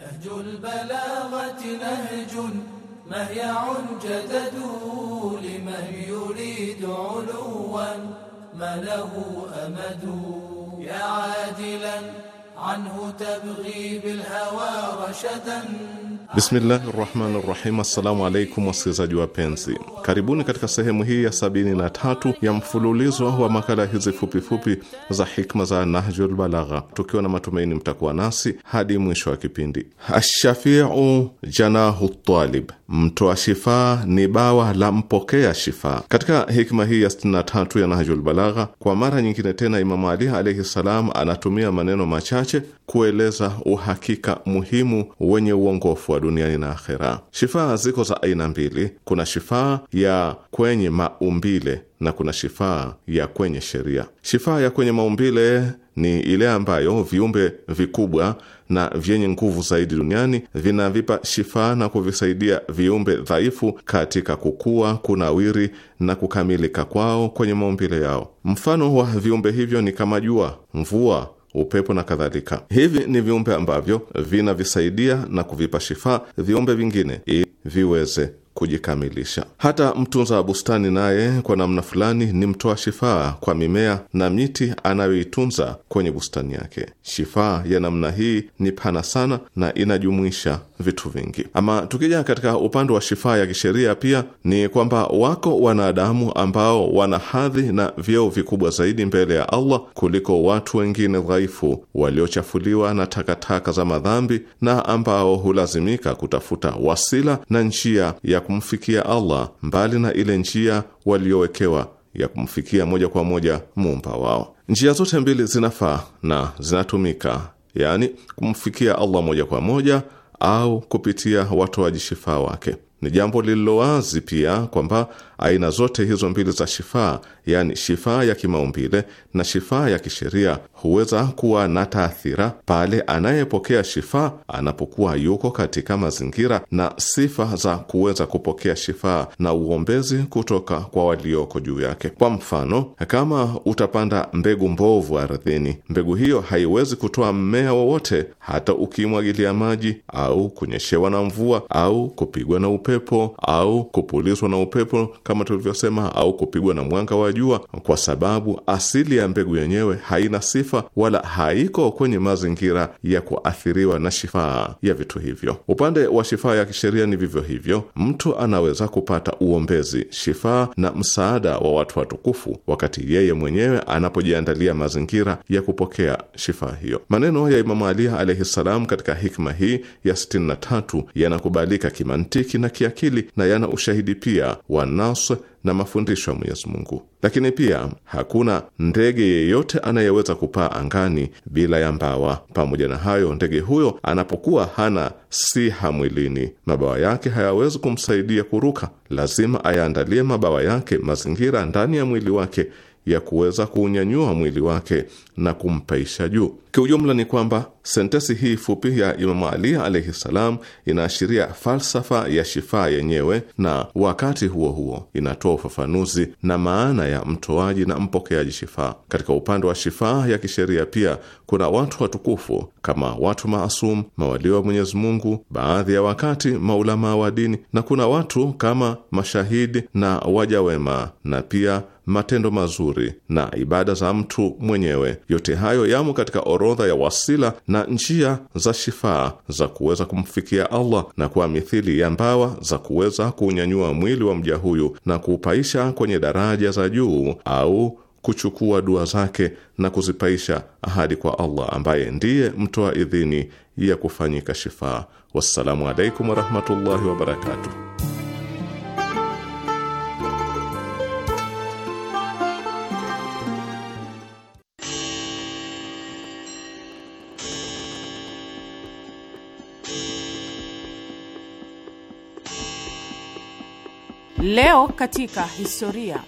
Nahju Bismillahi rahmani rahim. Assalamu alaikum wasikilizaji wapenzi, karibuni katika sehemu hii ya sabini na tatu ya mfululizo wa makala hizi fupifupi za hikma za Nahjul Balagha, tukiwa na matumaini mtakuwa nasi hadi mwisho wa kipindi. Ashafiu janahu talib mtoa shifaa ni bawa la mpokea shifaa. Katika hikma hii ya 63 ya Nahjul Balagha, kwa mara nyingine tena, Imamu Ali alaihi ssalam anatumia maneno machache kueleza uhakika muhimu wenye uongofu wa duniani na akhera. Shifaa ziko za aina mbili, kuna shifaa ya kwenye maumbile na kuna shifaa ya kwenye sheria. Shifaa ya kwenye maumbile ni ile ambayo viumbe vikubwa na vyenye nguvu zaidi duniani vinavipa shifaa na kuvisaidia viumbe dhaifu katika kukua, kunawiri na kukamilika kwao kwenye maumbile yao. Mfano wa viumbe hivyo ni kama jua, mvua upepo na kadhalika. Hivi ni viumbe ambavyo vinavisaidia na kuvipa shifaa viumbe vingine ili viweze kujikamilisha. Hata mtunza wa bustani naye kwa namna fulani ni mtoa shifaa kwa mimea na miti anayoitunza kwenye bustani yake. Shifaa ya namna hii ni pana sana na inajumuisha vitu vingi. Ama tukija katika upande wa shifaa ya kisheria, pia ni kwamba wako wanadamu ambao wana hadhi na vyeo vikubwa zaidi mbele ya Allah kuliko watu wengine dhaifu waliochafuliwa na takataka za madhambi na ambao hulazimika kutafuta wasila na njia ya kumfikia Allah mbali na ile njia waliowekewa ya kumfikia moja kwa moja muumba wao. Njia zote mbili zinafaa na zinatumika, yaani kumfikia Allah moja kwa moja au kupitia watoaji shifaa wake. Ni jambo lililowazi pia kwamba Aina zote hizo mbili za shifaa, yaani shifaa ya kimaumbile na shifaa ya kisheria, huweza kuwa na taathira pale anayepokea shifaa anapokuwa yuko katika mazingira na sifa za kuweza kupokea shifaa na uombezi kutoka kwa walioko juu yake. Kwa mfano, kama utapanda mbegu mbovu ardhini, mbegu hiyo haiwezi kutoa mmea wowote, hata ukimwagilia maji au kunyeshewa na mvua au kupigwa na upepo au kupulizwa na upepo kama tulivyosema, au kupigwa na mwanga wa jua, kwa sababu asili ya mbegu yenyewe haina sifa wala haiko kwenye mazingira ya kuathiriwa na shifaa ya vitu hivyo. Upande wa shifaa ya kisheria ni vivyo hivyo, mtu anaweza kupata uombezi, shifaa na msaada wa watu watukufu wakati yeye mwenyewe anapojiandalia mazingira ya kupokea shifaa hiyo. Maneno ya Imamu Ali alaihi salam katika hikma hii ya 63 yanakubalika kimantiki na kiakili na yana ushahidi pia wana khas na mafundisho ya Mwenyezi Mungu. Lakini pia hakuna ndege yeyote anayeweza kupaa angani bila ya mbawa. Pamoja na hayo, ndege huyo anapokuwa hana siha mwilini, mabawa yake hayawezi kumsaidia kuruka. Lazima ayaandalie mabawa yake mazingira ndani ya mwili wake ya kuweza kuunyanyua mwili wake na kumpaisha juu. Kiujumla ni kwamba sentesi hii fupi ya Imamu Ali alaihi ssalam inaashiria falsafa ya shifaa yenyewe, na wakati huo huo inatoa ufafanuzi na maana ya mtoaji na mpokeaji shifaa. Katika upande wa shifaa ya kisheria, pia kuna watu watukufu kama watu maasum, mawalio wa Mwenyezi Mungu, baadhi ya wakati maulamaa wa dini, na kuna watu kama mashahidi na waja wema na pia matendo mazuri na ibada za mtu mwenyewe, yote hayo yamo katika orodha ya wasila na njia za shifaa za kuweza kumfikia Allah, na kwa mithili ya mbawa za kuweza kuunyanyua mwili wa mja huyu na kuupaisha kwenye daraja za juu au kuchukua dua zake na kuzipaisha ahadi kwa Allah ambaye ndiye mtoa idhini ya kufanyika shifaa. Wassalamu alaikum warahmatullahi wabarakatuh. Leo katika historia.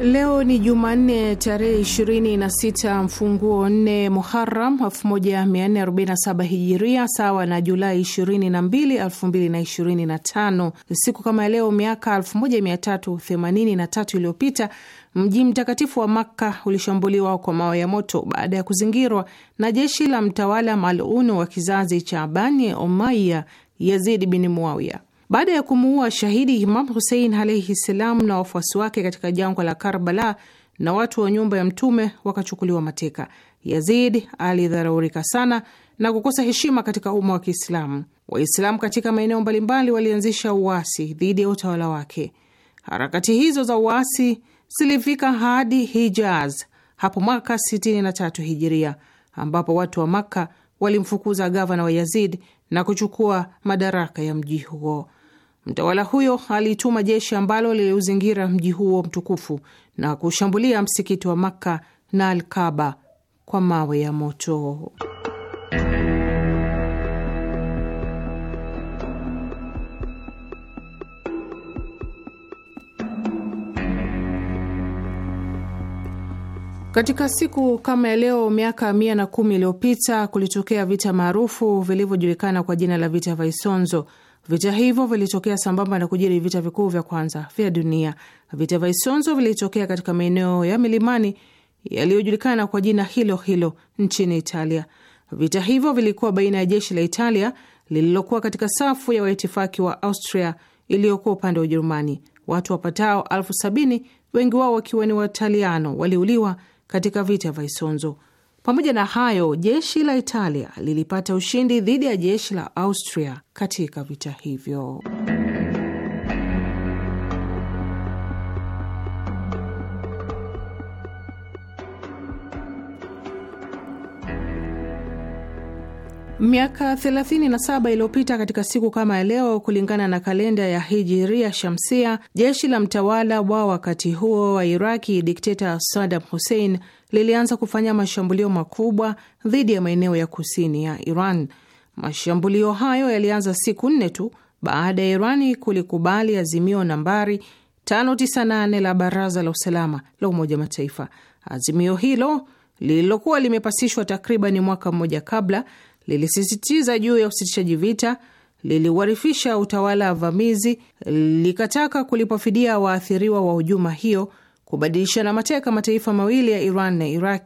Leo ni Jumanne tarehe 26 mfunguo 4 Muharam 1447 Hijiria, sawa na Julai 22, 2025. Siku kama leo miaka 1383 iliyopita mji mtakatifu wa Makka ulishambuliwa kwa mawe ya moto baada ya kuzingirwa na jeshi la mtawala malunu wa kizazi cha Bani Omaya, Yazidi bin Muawiya. Baada ya kumuua shahidi Imam Husein alaihi ssalam na wafuasi wake katika jangwa la Karbala na watu wa nyumba ya Mtume wakachukuliwa mateka, Yazid alidharaurika sana na kukosa heshima katika umma wa Kiislamu. Waislamu katika maeneo mbalimbali walianzisha uasi dhidi ya utawala wake. Harakati hizo za uasi zilifika hadi Hijaz hapo mwaka 63 Hijiria, ambapo watu wa Makka walimfukuza gavana wa Yazid na kuchukua madaraka ya mji huo. Mtawala huyo alituma jeshi ambalo liliuzingira mji huo mtukufu na kushambulia msikiti wa Makka na Alkaba kwa mawe ya moto. Katika siku kama ya leo miaka mia na kumi iliyopita kulitokea vita maarufu vilivyojulikana kwa jina la vita vya Isonzo Vita hivyo vilitokea sambamba na kujiri vita vikuu vya kwanza vya dunia. Vita vya Isonzo vilitokea katika maeneo ya milimani yaliyojulikana kwa jina hilo hilo nchini Italia. Vita hivyo vilikuwa baina ya jeshi la Italia lililokuwa katika safu ya waitifaki wa Austria iliyokuwa upande wa Ujerumani. Watu wapatao elfu sabini, wengi wao wakiwa ni Wataliano, waliuliwa katika vita vya Isonzo. Pamoja na hayo, jeshi la Italia lilipata ushindi dhidi ya jeshi la Austria katika vita hivyo. Miaka 37 iliyopita katika siku kama ya leo, kulingana na kalenda ya Hijiria Shamsia, jeshi la mtawala wa wakati huo wa Iraki, dikteta Saddam Hussein lilianza kufanya mashambulio makubwa dhidi ya maeneo ya kusini ya Iran. Mashambulio hayo yalianza siku nne tu baada ya Irani kulikubali azimio nambari 598 la Baraza la Usalama la Umoja wa Mataifa. Azimio hilo lililokuwa limepasishwa takriban mwaka mmoja kabla lilisisitiza juu ya usitishaji vita, liliwarifisha utawala wa vamizi, likataka kulipofidia waathiriwa wa hujuma hiyo kubadilishana mateka mataifa mawili ya Iran na Iraq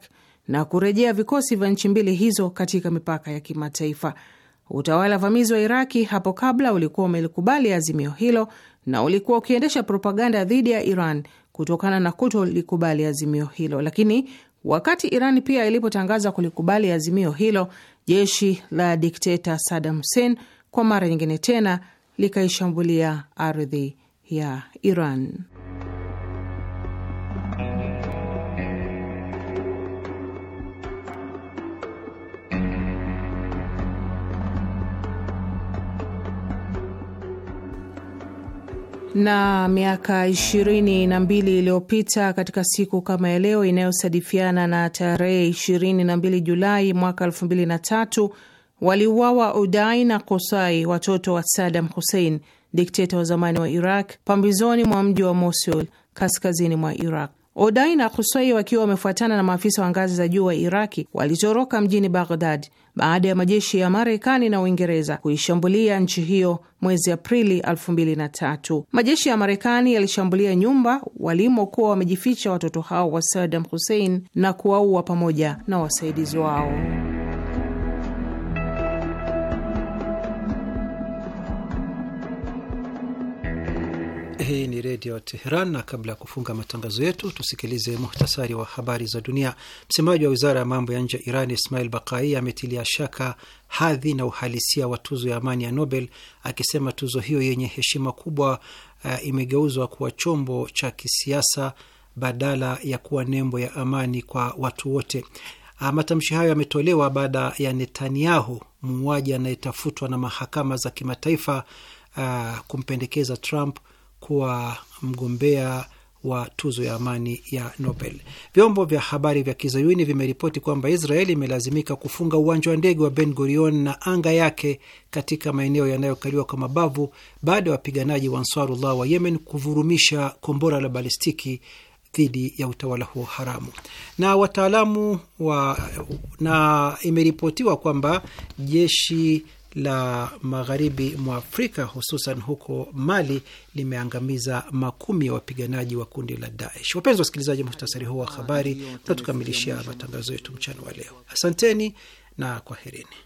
na kurejea vikosi vya nchi mbili hizo katika mipaka ya kimataifa. Utawala vamizi wa Iraki hapo kabla ulikuwa umelikubali azimio hilo na ulikuwa ukiendesha propaganda dhidi ya Iran kutokana na kutolikubali azimio hilo, lakini wakati Iran pia ilipotangaza kulikubali azimio hilo, jeshi la dikteta Saddam Hussein kwa mara nyingine tena likaishambulia ardhi ya Iran. na miaka ishirini na mbili iliyopita katika siku kama ya leo inayosadifiana na tarehe ishirini na mbili Julai mwaka elfu mbili na tatu waliuawa Udai na Kosai, watoto wa Sadam Hussein, dikteta wa zamani wa Iraq, pambizoni mwa mji wa Mosul, kaskazini mwa Iraq. Odai na Husai wakiwa wamefuatana na maafisa wa ngazi za juu wa Iraki walitoroka mjini Baghdad baada ya majeshi ya Marekani na Uingereza kuishambulia nchi hiyo mwezi Aprili 2003. Majeshi ya Marekani yalishambulia nyumba walimokuwa wamejificha watoto hao wa Saddam Hussein na kuwaua pamoja na wasaidizi wao. Hii ni Redio Teheran, na kabla ya kufunga matangazo yetu tusikilize muhtasari wa habari za dunia. Msemaji wa wizara ya mambo ya nje ya Iran Ismail Bakai ametilia shaka hadhi na uhalisia wa tuzo ya amani ya Nobel akisema tuzo hiyo yenye heshima kubwa uh, imegeuzwa kuwa chombo cha kisiasa badala ya kuwa nembo ya amani kwa watu wote. Uh, matamshi hayo yametolewa baada ya Netanyahu, muuaji anayetafutwa na mahakama za kimataifa, uh, kumpendekeza Trump kuwa mgombea wa tuzo ya amani ya Nobel. Vyombo vya habari vya kizayuni vimeripoti kwamba Israeli imelazimika kufunga uwanja wa ndege wa Ben Gurion na anga yake katika maeneo yanayokaliwa kwa mabavu baada ya wapiganaji wa Ansarullah wa Yemen kuvurumisha kombora la balistiki dhidi ya utawala huo haramu na wataalamu wa, na imeripotiwa kwamba jeshi la magharibi mwa Afrika hususan huko Mali limeangamiza makumi ya wapiganaji wa kundi la Daesh. Wapenzi wasikilizaji, muhtasari huu wa habari unatukamilishia matangazo yetu mchana wa leo. Asanteni na kwaherini.